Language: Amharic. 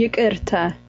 ይቅርታ